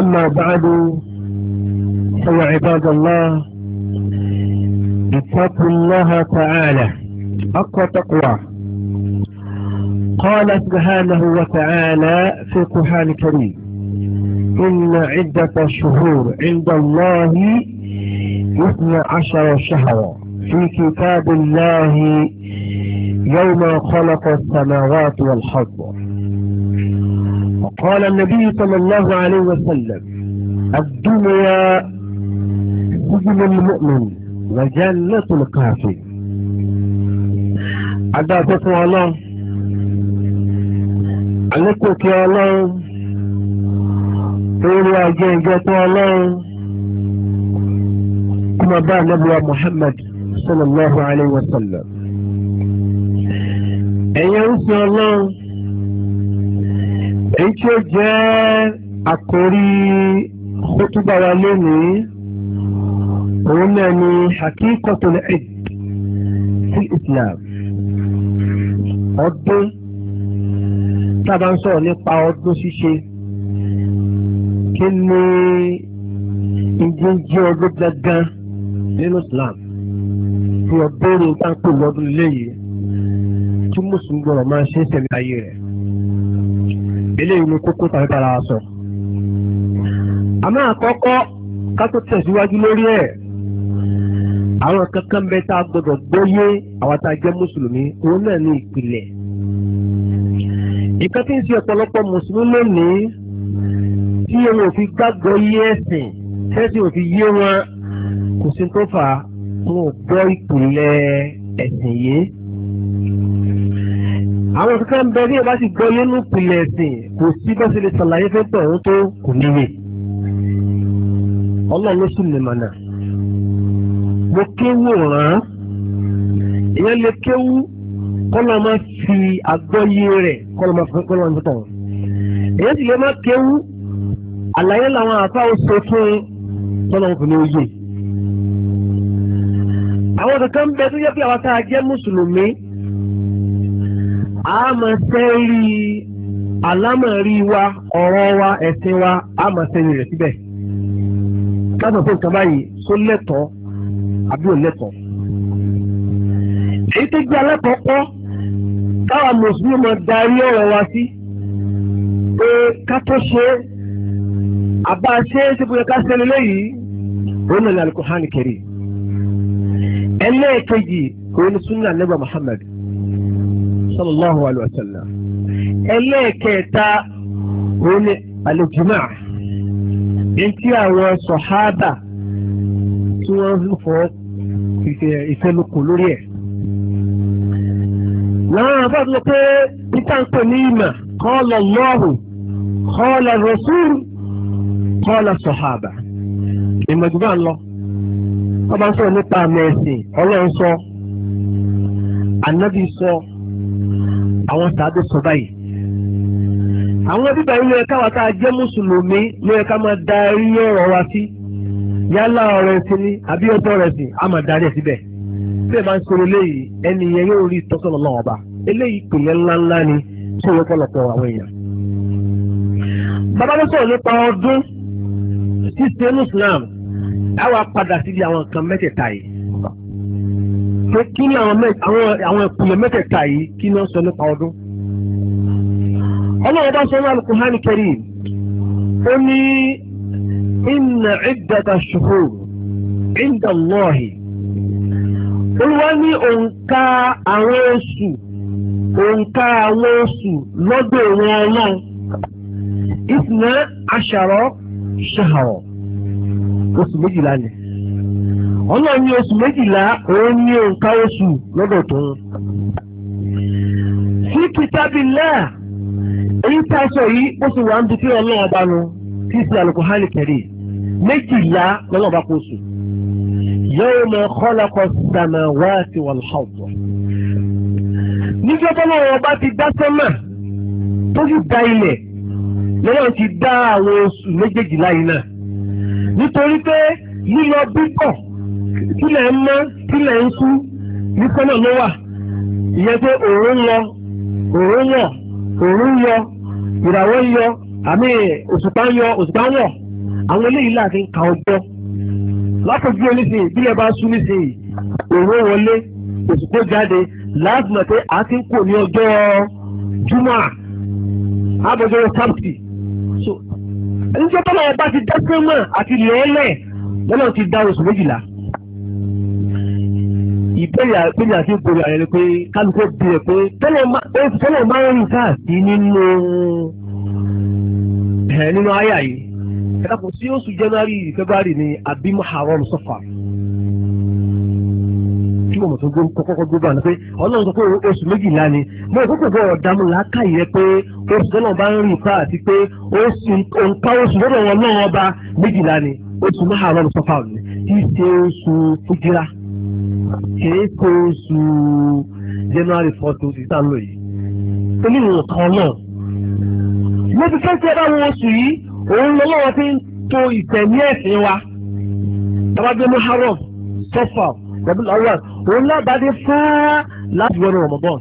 أما بعد هو عباد الله اتقوا الله تعالى أقوى تقوى قال سبحانه وتعالى في القرآن الكريم إن عدة الشهور عند الله اثنى عشر شهرا في كتاب الله يوم خلق السماوات والحضر قال النبي صلى الله عليه وسلم الدنيا سجن المؤمن وجنة الكافر أدى تقوى الله عليكم يا الله قولوا يا جاتوا الله كما بعد يا محمد صلى الله عليه وسلم أن يرسل الله èyí tí ó jẹ́ àkórí kútúbà wa lónìí òun náà ni hakikatul eid fi islam ọdún tábà ń sọ̀rọ̀ nípa ọdún ṣíṣe kí ni ìdí jẹ́ ọdún gangan nínú islam fi ọdún rẹ̀ ń tán pè lọ́dún léyìí tí mùsùlùmí gbọ́dọ̀ máa ṣe é sẹ́mi ayé rẹ̀ eléyìí ni kókó tàbí tara wa sọ. àmọ́ àkọ́kọ́ ká tó tẹ̀síwájú lórí ẹ̀ àwọn kankan bẹ tá a gbọdọ̀ gbóyé àwọn tá a jẹ́ mùsùlùmí òun náà ní ìpìlẹ̀. ìkan tí ń ṣe ọ̀pọ̀lọpọ̀ mùsùlùmí lónìí tí wọn ò fi gbàgbọ́ yé ẹ̀sìn tẹ́sí ò fi yé wọn kò sí tó fà á wọn ò gbọ́ ìpìlẹ̀ ẹ̀sìn yìí àwọn kankan ń bẹ ní ìbá ti gbọ́ yẹnu pìlẹ̀ ẹ̀sìn kò sí bá ṣe lè ṣàlàyé fẹ́ tọ̀ ọ́n tó kò níwè ọlọ́run ló sì lè mọ̀nà mo kéwò rán ìyẹn lè kéwú kọ́lọ́ máa fi àgbọ́yé rẹ̀ kọ́lọ́ máa fi kọ́lọ́ máa tọ̀ èyí sì lè má kéwú àlàyé làwọn àfa ó fún tọ́lọ́ òfin ló yé àwọn kankan ń bẹ tó yẹ pé àwọn tá jẹ́ mùsùlùmí. a mọ̀ sẹ́rí alámọ̀rí wa ọrọ wa ẹ̀sìn wa a mọ̀ sẹ́rí rẹ̀ àbí ò èyí tó gbé alákọ̀ọ́kọ́ káwa mùsùlùmí mọ̀ darí ọ̀rọ̀ wa sí pé ká ṣe àbá ṣe é ṣe ká ṣe òun náà ní sallallahu alayhi wa sallam ẹlẹ́ẹ̀kẹta òun ni alìjìmá etí àwọn sọ̀hábà tí wọ́n ń fọ́ ìfẹnukò lórí ẹ̀ láwọn àbájọ lọ pé peter ń pè ní ìmọ̀ kọ́ọ̀lọ̀ lọ́ọ̀hù kọ́ọ̀lọ̀ rọ̀súùr kọ́ọ̀lọ̀ sọ̀hábà ìmọ̀ jù bá ń lọ wọ́n bá ń sọ̀rọ̀ nípa àmì ọlọ́run sọ ànábì sọ àwọn sàádé sọ báyìí àwọn bíbá yìí ló yẹ káwa tá a jẹ́ mùsùlùmí ló yẹ ká máa darí ọ̀rọ̀ wa sí yálà ọ̀rọ̀ ẹ̀sìn ni àbí ọ̀tọ̀ rẹ̀ sìn á máa darí ẹ̀ síbẹ̀ bẹ́ẹ̀ máa ń sọ eléyìí ẹni yẹn yóò rí ìtọ́sọ́nà náà ọba eléyìí pèlè ńláńlá ni tí ó pọ̀lọpọ̀ àwọn èèyàn. bàbá ló sọ̀rọ̀ nípa ọdún ṣíṣe muslim àwa padà síbi àwọn nǹkan mẹ́tẹ̀ẹ̀ta yìí pé kí ni àwọn ìpìlẹ̀ mẹ́tẹ̀ẹ̀ta yìí kí ni wọ́n sọ nípa ọdún. ọlọ́run bá sọ ní Al-Qur'an Karim ó ní inna iddata shuhur inda Allahi olúwa ní òǹkà àwọn oṣù òǹkà àwọn oṣù lọ́dọ̀ ìwọ̀n ọlọ́run ìsìnà aṣàrọ̀ ṣàhàrọ̀ oṣù méjìlá ni ọlọ́run ní oṣù méjìlá òun ní òǹkà oṣù lọ́dọ̀ tó ń. sí kìtàbílà èyí tá a sọ yìí ó sì wà ń dupẹ́ ọlọ́run ọba nu kí sí alukóhálì kẹrì méjìlá lọ́lọ́run ọba kò sùn. yawma khalaqa samawati wal ard. níjọ́ tọ́lọ́run ọba ti dá sọ́mà tó sì dá ilẹ̀ lọ́wọ́ ti dá àwọn oṣù méjèèjìlá yìí náà nítorí pé lílọ bíbọ̀ kílẹ̀ ń mọ́ kílẹ̀ ń kú ní sọ́nà ló wà ìyẹn pé òun lọ òun yọ òun yọ ìràwọ̀ yọ àmì òṣùpá yọ òṣùpá wọ̀ àwọn eléyìí láti ń ka ọjọ́ látọ̀jú oníṣe ìbílẹ̀ bá sún níṣe òun wọlé òṣùpá jáde láti mọ̀ pé a ti ń kò ní ọjọ́ júmọ́ àbọ̀jọ́ sábìtì níjọ́ tọ́lá ọba ti dá sẹ́mọ̀ àti lẹ́ẹ̀lẹ̀ lọ́nà ti dá oṣù méjìlá ìbéèrè àpèjì àti ìbòrè àyẹ̀ ni pé kálukó bí ẹ pé tẹ́lẹ̀ máa ń rìn káàkiri nínú ẹ̀ nínú àyà yìí ẹ̀dàkùn sí oṣù January February ni àbí Muharram Safar tí mo mọ̀ tó kọ́kọ́ gbé bá ní pé ọlọ́run sọ pé oṣù méjìlá ni mo ò kókò bọ̀rọ̀ dààmú làákàyè rẹ pé oṣù tó náà bá ń rìn ká àti pé òǹkà oṣù lọ́dọ̀ wọn náà ọba méjìlá ni oṣù Muharram Safar ni tí í ṣe oṣù fújìlá kìí ṣe oṣù January fourteen ti sá lò yìí oníwòn kan náà mo ti fẹ́ ṣe báwọn oṣù yìí òun lọ́wọ́ ti ń to ìtẹ̀mí ẹ̀sìn wa tabajẹ muharram sọfà rabil awal òun lábàdé fún láti wọnú Ramadan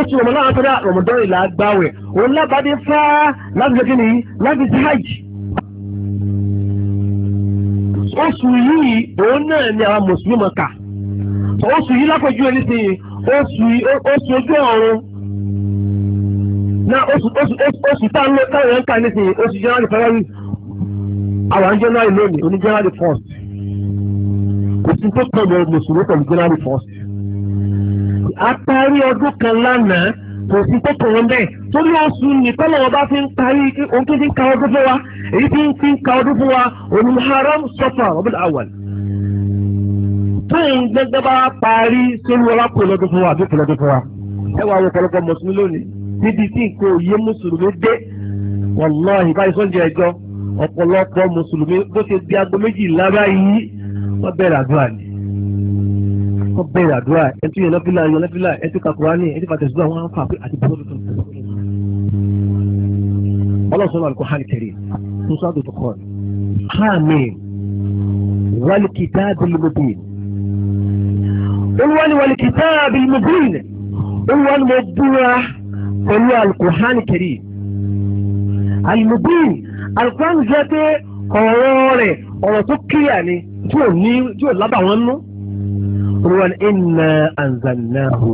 oṣù Ramadan àtọ́dá Ramadan ìlà gbáwẹ̀ òun lábàdé fún láti ṣe kí ni láti ṣe oṣù yìí òun náà ni àwọn mùsùlùmí kà oṣù yìí lápẹjù ẹni sí oṣù ojú ọ̀run na oṣù oṣù oṣù tá ń lọ káwọn yẹn ń kà ní sí oṣù january february àwọn january lónìí oní january first kò sí tó kàn ní mùsùlùmí pẹ̀lú january first. àtàrí ọdún kan lánàá kò sí tó kọ̀ọ̀ bẹ́ẹ̀ torí oṣù nìkan lọ́wọ́ bá fi ń parí ohun tó fi ń ka ọdún fún wa èyí tí ń fi ń ka ọdún fún wa òun haram sọ́fà ọ̀bùn àwọn. tóun gbẹgbẹ́ bá parí sórí wọn kò lọ́dún fún wa àbí kò lọ́dún fún wa. ẹ wá àwọn ọ̀pọ̀lọpọ̀ mùsùlùmí lónìí níbi tí nǹkan òye mùsùlùmí dé wàláhì báyìí sọ́njẹ́ ẹjọ́ ọ̀pọ̀lọpọ̀ mùsùlùmí bó ti di aago méjìlá báyìí wọ́n bẹ̀rẹ̀ àdúrà ni wọ́n bẹ̀rẹ̀ àdúrà ẹtú yẹn lọ́fílà yẹn lọ́fílà ẹtú kakurani ẹtú pàtẹ́sùdà wọn fà pé àti bọ́ọ̀lù tó ń tẹ̀lé. ọlọ́sọ̀rọ̀ àlùkò hàn kẹrì tó sọ àdùtò kọ́ hàmì wàlìkìtà bìlìmùbìn olùwàlì wàlìkìtà bìlìmùbìn olùwàlì mo búra pẹ̀lú àlùkò hàn kẹrì àlùmùbìn àlùkò hàn jẹ́ pé ọ̀rọ̀ rẹ̀ ọ̀rọ̀ tó kíyà ni tí ò ní tí ò lábàwọn nú olúwa ní ìnà àǹzànàhù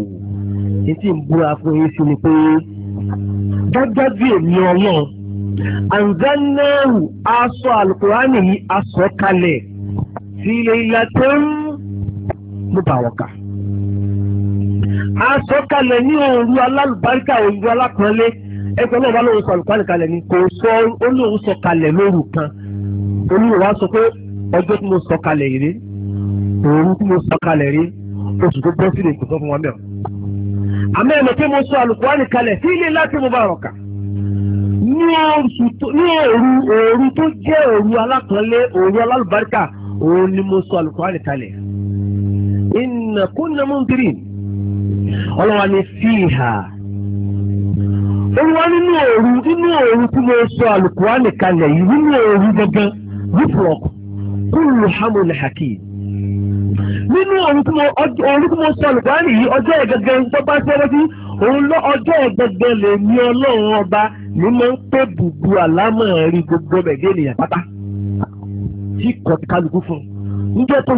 etí ń búra fún yín sí ni pé dájúdájú èmi ọlọ́run àǹzànàhù aṣọ àlùkùránì yìí aṣọ kalẹ̀ sí ilé ilá tó ń mú bàwọ̀ kà aṣọ kalẹ̀ ní òru alálùbáríkà òru alápọ̀nlé ẹgbẹ́ náà bá lóun sọ àlùkùránì kalẹ̀ ni kò sọ olóhùn sọ kalẹ̀ lóru kan olúwa sọ pé ọjọ́ tí mo sọ kalẹ̀ yìí òun tí mo sọ kalẹ̀ rí oṣù tó bọ́ sílẹ̀ kò sọ fún wa mẹ́rin. àmọ́ ẹ̀mọ́ tí mo sọ àlùkùránì kalẹ̀ sí ilé láti mo bá rọ̀ kà ní òru òru tó jẹ́ òru alákànlé òru alálùbáríkà òun ni mo sọ àlùkùránì kalẹ̀. inna kunna mundirin ọlọ́wà ni fíìhà olúwa nínú òru nínú òru tí mo sọ àlùkùránì kalẹ̀ yìí nínú òru gangan rúfurọ̀kù kúlù hamul hakim nínú òru sọlù mo sọ lùdánì yìí ọjọ́ ẹ̀gẹ́gẹ́ tó sí òun lọ ọjọ́ ẹ̀gẹ́gẹ́ lè ní ọlọ́run ọba ní ń bùbù àlámọ̀ rí gbogbo ẹ̀gẹ́ ènìyàn pátá tí kò fún un níjẹ́ tó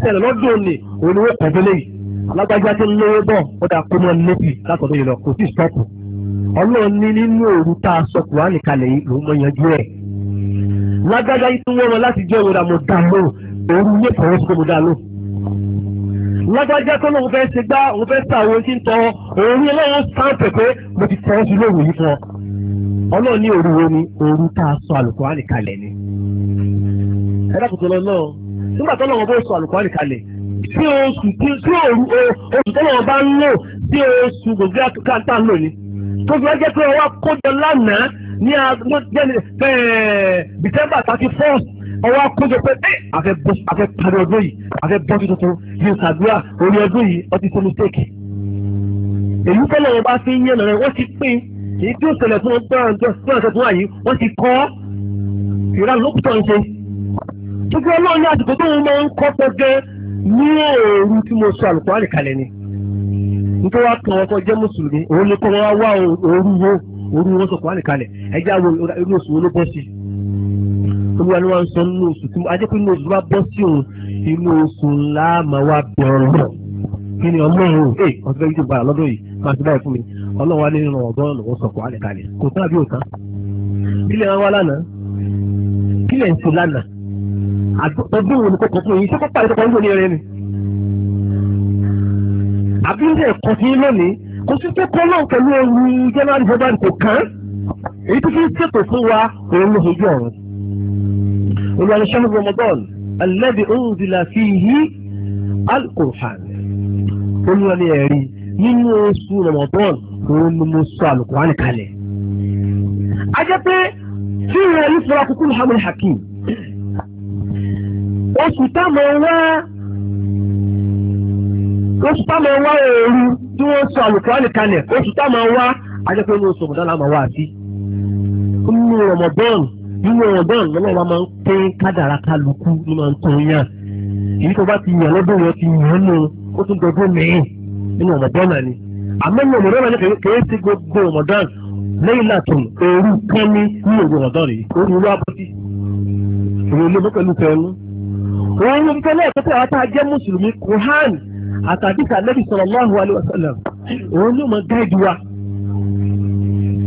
tí ó lọ́dún òní òun ni wọ́n pẹ̀lú lẹ́yìn alágbájá ń lówó bọ̀ ó òun yé kọ̀ọ̀ sí mo dá lágbájá tó lóun fẹ́ ṣe gbá òun fẹ́ sàwọn tí ń tọ́ òun ní ọlọ́run sáǹpẹ̀ pé mo ti tọ́ sí lóòrùn ọ. ọlọ́run ní òru wo ni a sọ àlùkò ni. ẹ dákòtò lọ náà sọ àlùkò tí oṣù tí òru oṣù tó lọ́wọ́ bá ń lò tí oṣù ń lò ni. tó ọwọ́ akójọ pé ẹ́ afẹ́ parí ọdún yìí afẹ́ bọ́ọ̀dún tuntun yìí ṣàdúrà orí ọdún yìí ọtí ṣe mistake. èyí tẹ́lẹ̀ wọn bá fi ń yẹn lọ́rẹ́ wọ́n ti pín èyí tí ó ṣẹlẹ̀ fún ọ̀sẹ̀ tó wà yìí wọ́n ti kọ́ ìran lókùtọ̀ ń ṣe. gbogbo ọlọ́run ní àsìkò tó ń mọ ń kọ́ pẹ́gẹ́ ní òòrù tí mo sọ àlùkò àlìkalẹ̀ ni. nítorí wàá kàn wọ́n kọ́ jẹ́ mùsùlùmí òun ni kọ́ wọ́n wá òòrù wo òòrù wọn sọ̀kọ̀ olúwa ni wọ́n ń sọ nínú oṣù tí ajé pé inú oṣù bá bọ́ sí òun inú oṣù ńlá máa wá bẹ̀rọ̀ kí ni ọlọ́run ẹ ọ̀sẹ̀ fẹ́ yíjú bára lọ́dọ̀ yìí máa ti báyìí fún mi ọlọ́run wa ní ìran ọ̀dọ́ lọ́wọ́ sọ̀kọ̀ alẹ́ kalẹ̀ kò tán àbí òtán kílẹ̀ wá lánàá kílẹ̀ ń ṣe lánàá ọdún wo ni kò kọ́kọ́ yìí sọ́kọ́ pàdé kọ́kọ́ nílò rẹ ni àbí ń ẹ̀kọ́ sí lónìí kò sí pé kọ́ náà pẹ̀lú ewu January February kò kán èyí tó fi ń ṣètò fún wa òun ló ṣojú ọ̀run olùwàlẹ̀ sọ́nù ramadan alẹ́bi ounzila fihi alukur'an olùwàlẹ̀ ẹ̀rí nínú oṣù ramadan òun ni mo sọ alukur'an kalẹ̀. a jẹ́ pé tí ìrìn àyè fura kúkú muhammed hakim oṣù táwọn wá oṣù táwọn wá òru tí wọ́n sọ alukur'an kalẹ̀ oṣù táwọn wá a jẹ́ pé ní oṣù ramadan la máa wá nínú ramadan ìwọ̀n ọ̀gbọ́n lọ́wọ́ wa máa ń pé kádàrá kálukú ló máa ń tó yàn èyí tó bá ti yàn lọ́dún yẹn ti yàn nù ó tún dọdún mìíràn nínú ọ̀mọ̀dán náà ni àmọ́ ní ọ̀mọ̀dán náà ni kèé sí gbogbo ọ̀mọ̀dán lẹ́yìn látùn òru kánmi ní òru ọ̀mọ̀dán rèé òru wá bọ́tí òru ilé mọ́kànlú fẹ́ẹ́nu. òun ló ń fẹ́ lẹ́yìn pẹ́pẹ́ àwọn ajẹ́ mùsùlùmí kùhán àtàdísà lẹ́bi sallallahu alaihi wasallam òun ló mọ gáìdì wa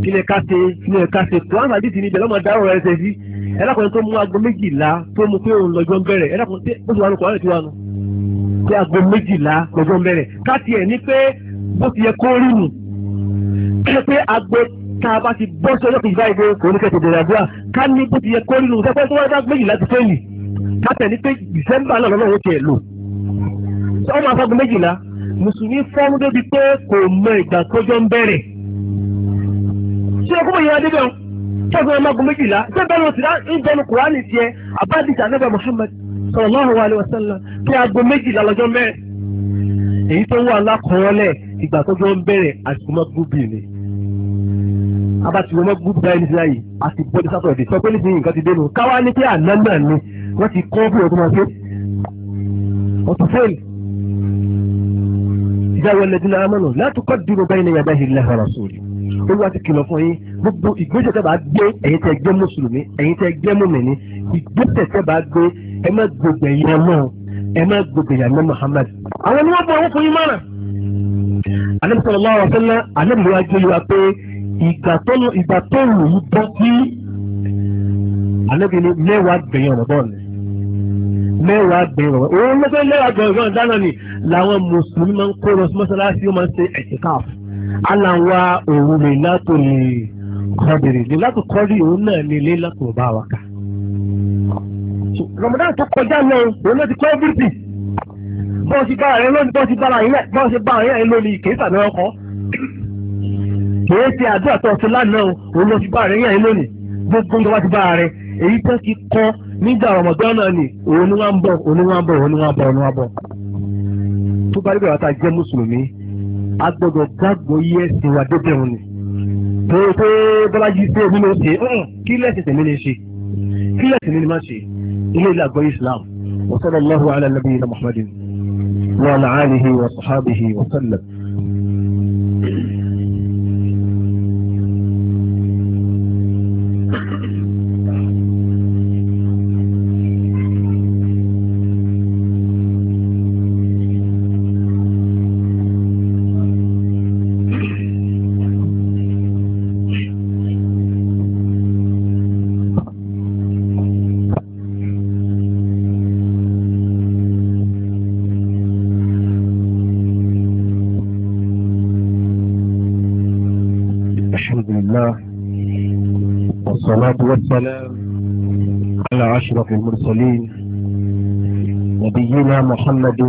kí ni ká ṣe kí ni ká ṣe kó àǹfààní ti ní ibẹ̀ lọ́mọ dárò rẹ̀ ṣe sí ẹlẹ́kùnrin tó mú aago méjìlá tó mú pé òun lọ́jọ́ ń bẹ̀rẹ̀ ẹlẹ́kùnrin tí ó ti wà nù kọ́ ọ̀rẹ́ ti wà nù pé aago méjìlá lọ́jọ́ ń bẹ̀rẹ̀ ká tiẹ̀ ní pé bó ti yẹ kó rí nù pé aago tá a bá ti bọ́ sí ọjọ́ kejì báyìí kò ní kẹ́tẹ̀ bẹ̀rẹ̀ àdúrà ká ní bó ti yẹ kó rí nù sẹ́pẹ́ tó wáyé bá méjìlá ti fẹ́ẹ̀lì ká tẹ̀ ní pé December náà ṣé o kó bóyá adébẹ̀ ń tẹ́gbẹ́ ọmọkùn méjìlá ṣé bẹ́ẹ̀ ló ti dá ń bẹnu kùránì tiẹ̀ àbádìsí anábẹ́ Muhammad sallallahu alaihi wasallam kí aago méjìlá lọ́jọ́ mẹ́rin èyí tó wà lákọọ́lẹ̀ ìgbà tó jọ ń bẹ̀rẹ̀ àsìkò mọ́gbúbì ni abatiwo mọ́gbúbì báyìí nígbà yìí àti bọ́dí sátọ̀dì sọ pé nísìnyí nǹkan olúwa ti kìlọ̀ fún yín gbogbo ìgbésẹ̀ tẹ́ bá gbé ẹ̀yin tẹ́ gbé mùsùlùmí ẹ̀yin tẹ́ gbé mùmìnì ìgbésẹ̀ tẹ́ bá gbé ẹ má gbogbo ẹ̀yìn ọmọ ẹ má gbogbo ẹ̀yìn àmì Muhammad. àwọn ni wọ́n bọ̀ wọ́n fún yín mọ́ra. alẹ́ sọ̀rọ̀ lọ́wọ́ ọ̀sán náà alẹ́ mi wa pé ìgbà tó ìgbà tó wù ú bọ́ sí alẹ́ mi ni mẹ́wàá gbẹ̀yìn ọ̀rọ̀ bọ́ọ̀lù mẹ́wàá gbẹ̀rọ̀ òun lọ́sẹ̀ mẹ́wàá gbẹ̀rọ̀ dáná ni làwọn mùsùlùmí máa ń kó lọ sí mọ́sálásí ó máa ń ṣe ẹ̀ṣẹ̀ káàfù ala nwa wá òru lè látò lè lati lè látò kọ́dìrì òun náà ni lè látò bá wa kà. Ramadan tó kọjá lọ òun náà ti kọ́ bírìtì bọ́n ti bára rẹ lónìí bọ́n ti bára yín náà gbogbo èyí tó ti kọ́ nígbà Ramadan náà ni òun ni wọ́n ń bọ̀ òun ni wọ́n ń bọ̀ òun Mm. a gbọ́dọ̀ gbàgbọ́ yí ẹ̀sìn wa dé bẹ̀rù ni. tó o pé bọ́lá yìí pé omi ló ṣe mm, kí lẹ́sìn tèmi lè ṣe kí lẹ́sìn mi ni má ṣe ilé ilé àgbọ̀ Islam wa sallallahu ala wa ala wa sahbihi wa sallam. والسلام على أشرف المرسلين نبينا محمد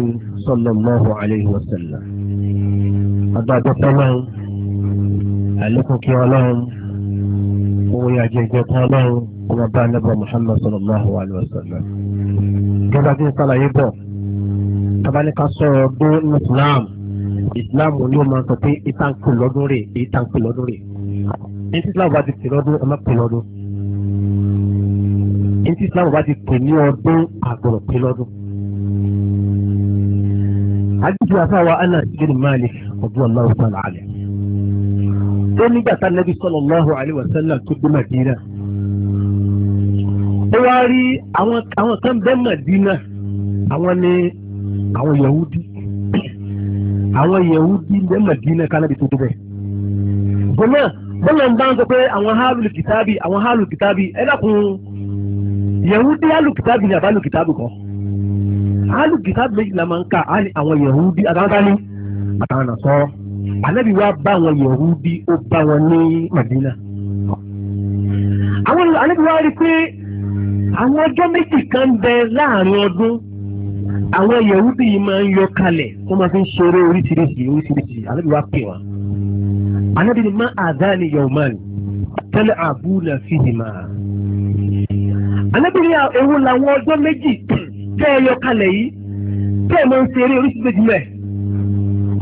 صلى الله عليه وسلم هذا بطلان عليكم كيالان ويا جيجتالان ومبا نبى محمد صلى الله عليه وسلم كما دين صلى يبو طبعا كاسو دون الإسلام islam ló máa sọ pé ìtànkù lọ́dún rè ìtànkù lọ́dún rè ní tí islam bá ti pè lọ́dún ẹ má pè lọ́dún ní tí Islam bá ti pè ní ọdún àgbọ̀rọ̀ pé lọ́dún. àdìsí àfáwà Anas bin Malik ala. ta'ala anhu. ó nígbà tá Nabi tó dé Madina. ó wá rí àwọn kan bẹ́ẹ̀ Madina àwọn ni àwọn Yahudi àwọn Yahudi bẹ́ẹ̀ Madina kánábì tó dé bẹ́ẹ̀. bọ́lá bọ́lá ń bá ń sọ pé àwọn àwọn Yahudi alukitabu ni àbá alùkìtàbù kọ́ alùkìtàbù méjì la máa ń kà á ní àwọn yẹ̀húdí àtàwọn àtàwọn nàṣọ́ ànábì wa bá àwọn yẹ̀húdí ó bá wọn ní Madina àwọn ànábì wa rí pé àwọn ọjọ́ méjì kan bẹ láàrin ọdún àwọn yẹ̀húdí yìí máa ń yọ kalẹ̀ tó máa fi ń ṣeré oríṣiríṣi oríṣiríṣi ànábì wa pè wọn ànábì ni má àdáni yọ̀ọ̀mán tẹ́lẹ̀ àbúlà fìhìmá anábìrin mm. ewu làwọn ọjọ́ méjì mm. tẹ́ ẹ yọ kalẹ̀ yìí tẹ́ ẹ máa ń ṣe eré oríṣi méjì mẹ́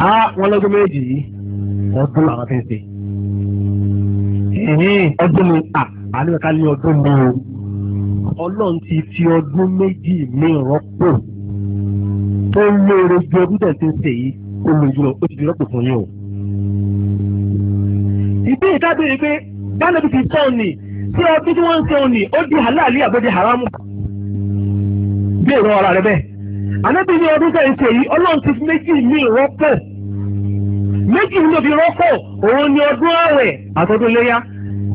a wọn lọ́jọ́ méjì yìí ọdún làwọn fi ń ṣe ọdún mi à àníwẹ̀ ká ní ọdún mi o ọlọ́run ti fi ọdún méjì mi rọ́pò tó ń lóore ju ọdún tẹ̀ ti ń ṣe yìí ó lè jùlọ ó ti fi rọ́pò fún yín o. ìbéèrè tábìlì pé báńdà ti fi ni tí ọtí tí wọ́n ń sẹ́wọ̀n ni ó di halali àbọ̀dé haramu bí èrò ọ̀rọ̀ rẹ bẹ́ẹ̀ anábì ní ọdún sẹ́yìn ṣe yìí ọlọ́run ti fi méjì ní ìrọ́pọ̀ méjì ní òbí rọ́pọ̀ òun ni ọdún ààwẹ̀ àtọ́dún léyà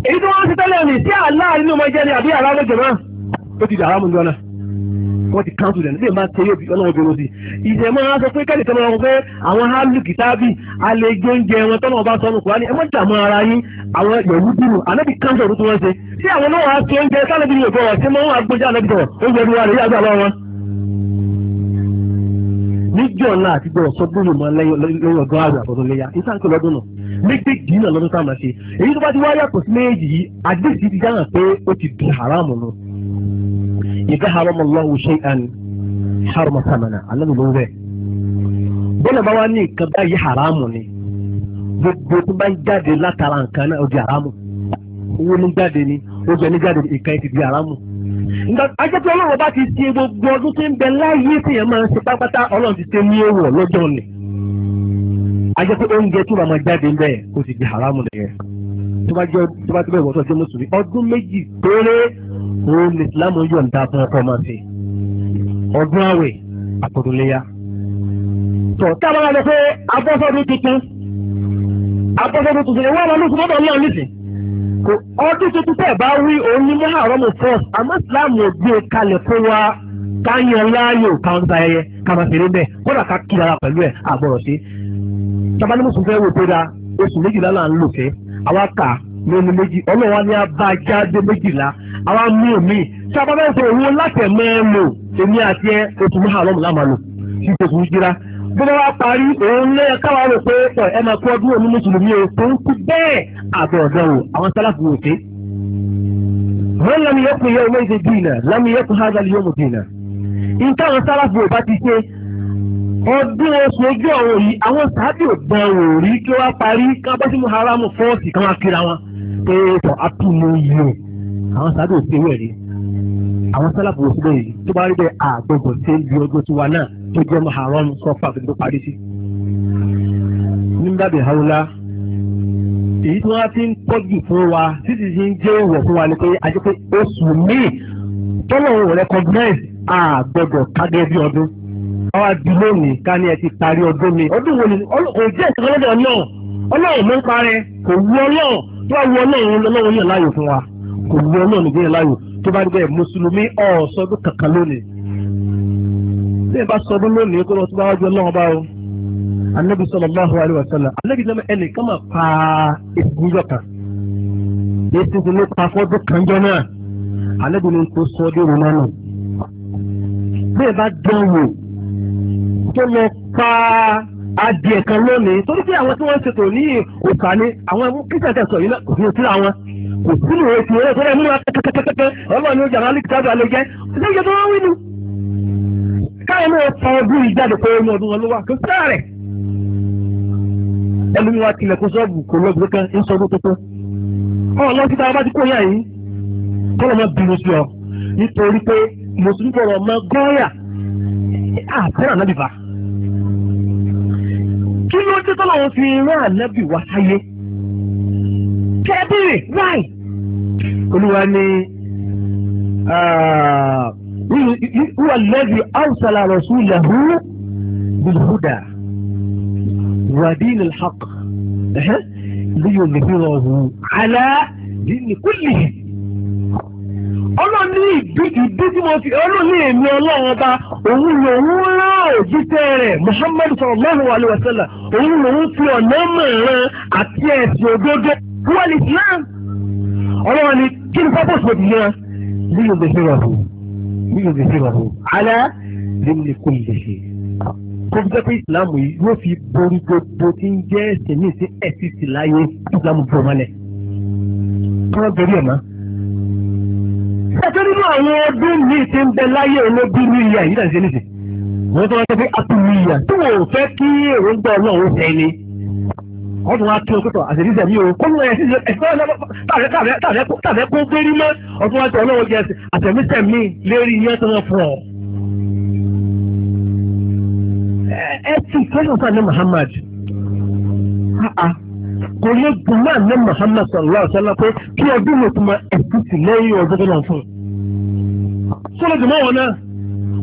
èyí tí wọ́n ń ṣe tẹ́lẹ̀ ní sí àlá inú ọmọ jẹ́ ni àbí àrá lójúmọ́ ó ti di haramu jọ náà wọ́n ti káńtù rẹ̀ níbẹ̀ máa ṣe yóò fi ọlọ́run bẹ̀rù sí i ìṣẹ̀mọ́ wọn sọ pé kẹ́lẹ̀ tọ́lọ́ wọn pé àwọn hálù kìtàbì àlejò oúnjẹ wọn tọ́lọ́ wọn bá sọ nù kúránì ẹ mọ́ dààmú ara yín àwọn yòówù dùrù ànábì káńtù ọ̀rọ̀ tí wọ́n ṣe tí àwọn náà wàá oúnjẹ sálẹ̀bí ni òkè ọ̀sẹ̀ mọ́ wọn agbójá ànábì tọ̀ lọ́dún náà máa ṣe èyí tó bá ti wáyà kò sí méjèèjì yìí àdéhùn ti dáhà pé ó ti di haramu nù. ìdá haram allahu shay'an haram samana alábi ló ń bẹ. bọ́lá bá wá ní nǹkan ni gbogbo tó bá ń jáde látara nǹkan náà di haramu ni ó ti di haramu. ti gbogbo ọdún tí ń bẹ láyé tí yẹn máa ń ti ni. wo ní islam yọ̀ǹda fún ọkọ̀ máa ṣe ọdún àwẹ̀ àkọ̀dúnléyà. tó táwọn ọmọ pé abọ́sọ́dún tuntun abọ́sọ́dún tuntun ni wọ́n máa lóṣù mọ́tò náà nìsín. ọdún tuntun tẹ̀ bá wí òun ní muharram first àmọ́ islam ò gbé e kalẹ̀ fún wa káyọ̀ láàyò káńtà ẹyẹ kàmàṣeré bẹ́ẹ̀ kódà ká kí ara pẹ̀lú ẹ̀ àbọ̀rọ̀ sí. tábàdé mùsùlùmí fẹ́ wò pé da oṣù méjìlá là ń lò fẹ́ àwa kà lónìí méjì ọlọ́wà ni a bá jáde méjìlá àwa mú omi tí a bá bẹ́ẹ̀ sọ owó látẹ̀mọ́ ẹ lò èmi àti ẹ oṣù mọ́hà lọ́mù láàmà lò kí oṣù jíra bí wọ́n wá parí òun lé káwa rò pé ẹ máa kú ọdún òní mùsùlùmí o tó ń kú bẹ́ẹ̀ àbọ̀ ọ̀dọ́ o àwọn sálàfù wò ṣe. wọ́n lẹ́nu yẹ́kù yẹ́ omi ṣe dìínà lẹ́nu yẹ́kù hádà lè yọ̀mù dìínà. nǹkan àwọn sálàfù ò bá ti ṣe ọdún oṣù ojú ọ̀rọ̀ yìí àwọn sábì ò gbọ́n ò rí kí wọ́n parí kábọ́sí muharamu fọ́ọ̀sì káwọn akíra wọn pé tọ́ àtúnú yìí o àwọn sábà ò sí ewé rí àwọn sálàbù ò sí bẹ́ẹ̀ yìí tó bá rí bẹ́ẹ̀ àgbọ̀gbọ̀ tí ń di ọjọ́ tiwa náà tó jẹ́ maharam sọ́fà tó parí sí. nígbà bẹ̀ hawla èyí tí wọ́n ti ń tọ́jú fún wa títí ti ń jẹ́ ìwọ̀ fún wa ni pé ajé pé oṣù míì tọ́lọ̀ ń recognize àgbọ̀gbọ̀ kágẹ́ bí ọdún. àwa di lónìí ká ní ẹ ti parí ọdún mi ọdún wo ni kò jẹ́ ìṣẹ́kọ́lọ́dọ̀ náà ọlọ́run mú parẹ́ kò wú ọlọ́run tó wá wú ọlọ́run lọ́wọ́ yàn láàyò fún wa kò mú ọlọ́run ní láyò tó bá dé mùsùlùmí ọ̀ọ́sọdún kankan lónìí. bí ẹ bá sọdún lónìí kó lọ sí báwájú ọlọ́run bá o anabi sallallahu alayhi wa sallam anabi sọlọ ẹnì kan máa pa ìgbìyànjọ kan èsì tó ló pa fọ́dún kan jọ náà anabi ni kò sọ ọdún ìrùn náà nù. bí ẹ bá dán wò tó lọ pa adìẹ kan lónìí torí pé àwọn tí wọ́n ń ṣètò ní òkà ni àwọn kíkẹ́kẹ́ sọ yìí náà kò kò sínú ètò eré tó rẹ̀ múra kẹ́kẹ́kẹ́kẹ́ ọlọ́run ní ojà máa lè kíkàdù alẹ́ jẹ́ lóye tó wí nu. káyọ̀ náà fa ọdún ìjáde pé ọmọ ọdún ọlọ́wà kò sáà rẹ̀. ẹlòmí wa tilẹ̀ kó sọ́ọ̀bù kò lọ́gbẹ́ kan ń sọ ọdún tuntun. ọ̀hún lọ síta bá ti kó yàn yìí kọ́lọ̀ mọ́ bínú sí ọ nítorí pé mùsùlùmí bọ̀rọ̀ mọ́ gọ́ọ̀yà àtẹ́rà náà bèrè wáì. olúwa ni wúwa lẹ́bi awùsàlà rasulahu bilhuda wàdínil haqq lóyún olùfihànhu alá dínì kúlìhì. ọlọ́ọ̀ni ìdí tí mo fi ọlọ́ọ̀ni èmi ọlọ́run ọba òun lòun rán òjíṣẹ́ rẹ̀ muhammadu sallallahu alaihi wasallam òun lòun fi ọ̀nà mọ̀ràn àti ẹ̀sìn òdodo wọ́n lè fi náà ọlọ́wọ́n ni kí ni purpose wò nìyẹn bí yóò gbèsè rẹ̀ hù bí yóò gbèsè rẹ̀ hù alẹ́ lè ní kó lè ṣe. kó fi jẹ́ pé ìsìlámù yìí yóò fi borí gbogbo tí ń jẹ́ ẹ̀sìn ní ìsìn ẹ̀sìn sì láyé ìsìlámù bò mọ́lẹ̀. kí wọ́n gbẹ̀rí ẹ̀ mọ́. ṣètò nínú àwọn ọdún míì ti ń bẹ láyé olóbi ní ìyá yìí dàgbé nísìn. wọ́n tó wá sọ pé a ti ní ìyá tí wọ́n fẹ́ kí èròǹgbà ọlọ́run fẹ́ ni wọ́n tún wá kí o pẹ́tọ̀ àṣírí ìdẹ̀mí o kó lóye sí tàbẹ́ kó gbérí mọ́ ọdún wájú ọlọ́wọ́ jẹ àtẹ̀mísẹ̀mí lérí iye tó wọ́n fún ọ. ẹ ti fẹ́ràn sáà ní Muhammad kò ní gbọ́mọ́ ní Muhammad sallallahu alaihi wasallam pé kí ọdún mi tún ma ẹ̀sì sí lẹ́yìn ọdún tó lọ fún. sọ́dọ̀ dùmọ̀ wọn náà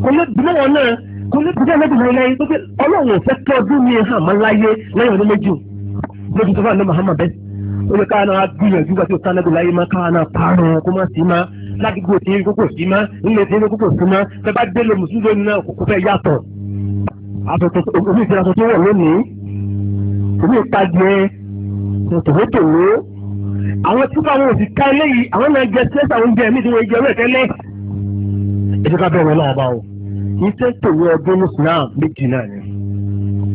kò ní dùmọ̀ wọn náà kò ní dùmọ̀ wọn náà lẹ́yìn tó fi ọlọ́run ò fẹ́ kí ọdún mi hàn máa láyé lẹ́yìn ọdún méjì lójú tó fà ní Muhammad bẹ́ẹ̀ ó ní káwọn náà gbìyànjú wá sí ọ̀tá náà láyé má káwọn náà pààrọ̀ kó má sí má ládùúgbò tí ń kókò sí má nílé tí ń kókò sí má fẹ́ bá délé mùsùlùmí náà kò fẹ́ yàtọ̀ omi ìfẹ́ aṣọ tó wọ̀ lónìí omi ìtajẹ tòwótòwó àwọn tí káwọn òsì ká eléyìí àwọn náà jẹ sẹ́sà oúnjẹ mi tí wọ́n jẹ ọ̀rẹ́ ẹ̀jẹ̀ ká bẹ̀rẹ̀ náà bá o ní sẹ́sà òwe ọdún náà méjì náà ni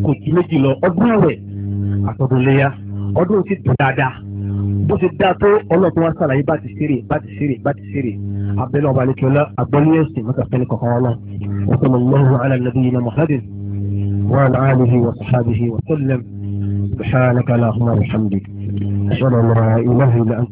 kò ju méjì lọ ọdún rẹ̀ Mm. àtọ́dún léyà ọdún ti dùn dáadáa bó ti dáa tó ọlọ́ọ̀tún wa sàlàyé bá ti ṣeré bá ti ṣeré bá ti ṣeré abẹ́lẹ́ ọba àlejò ọlá agbọ́niyẹ̀sì mọ́tàfẹ́ni kọ̀ọ̀kan wọn náà wọ́n mọ̀ lọ́wọ́ ala nabiyyina muhammadin wa ala alihi wa sahbihi wa sallam subhanaka allahumma wa